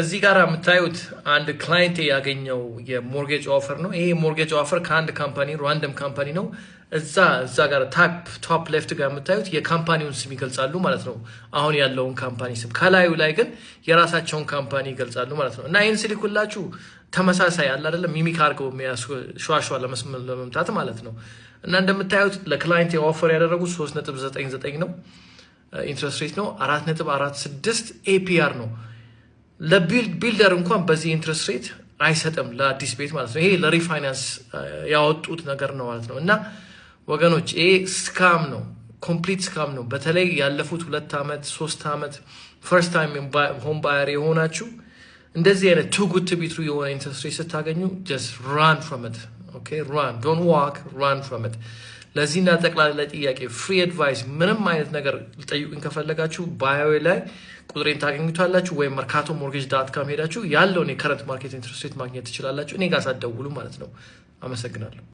እዚህ ጋር የምታዩት አንድ ክላይንት ያገኘው የሞርጌጅ ኦፈር ነው። ይሄ ሞርጌጅ ኦፈር ከአንድ ካምፓኒ ራንደም ካምፓኒ ነው። እዛ እዛ ጋር ታፕ ቶፕ ሌፍት ጋር የምታዩት የካምፓኒውን ስም ይገልጻሉ ማለት ነው። አሁን ያለውን ካምፓኒ ስም ከላዩ ላይ ግን የራሳቸውን ካምፓኒ ይገልጻሉ ማለት ነው። እና ይህን ስል ተመሳሳይ አለ አደለም? ሚሚክ አድርገው ሸዋሸዋ ለመምታት ማለት ነው። እና እንደምታዩት ለክላይንት ኦፈር ያደረጉት 3.99 ነው ኢንትረስት ሬት ነው። 4.46 ኤፒአር ነው ለቢልደር እንኳን በዚህ ኢንትረስት ሬት አይሰጥም ለአዲስ ቤት ማለት ነው። ይሄ ለሪፋይናንስ ያወጡት ነገር ነው ማለት ነው። እና ወገኖች ይሄ ስካም ነው፣ ኮምፕሊት ስካም ነው። በተለይ ያለፉት ሁለት ዓመት ሶስት ዓመት ፈርስት ታይም ሆም ባየር የሆናችሁ እንደዚህ አይነት ቱ ጉድ ቱ ቢ ትሩ የሆነ ኢንትረስት ሬት ስታገኙ ጀስት ራን ፍሮም ኢት ኦኬ ራን ዶንት ዋክ ራን ፍሮም ኢት። ለዚህና ጠቅላላ ጥያቄ ፍሪ አድቫይስ ምንም አይነት ነገር ልጠይቁኝ ከፈለጋችሁ ባዮ ላይ ቁጥሬን ታገኙታላችሁ፣ ወይም መርካቶ ሞርጌጅ ዳት ካም ሄዳችሁ ያለውን የከረንት ማርኬት ኢንትረስት ማግኘት ትችላላችሁ። እኔ ጋር ሳትደውሉ ማለት ነው። አመሰግናለሁ።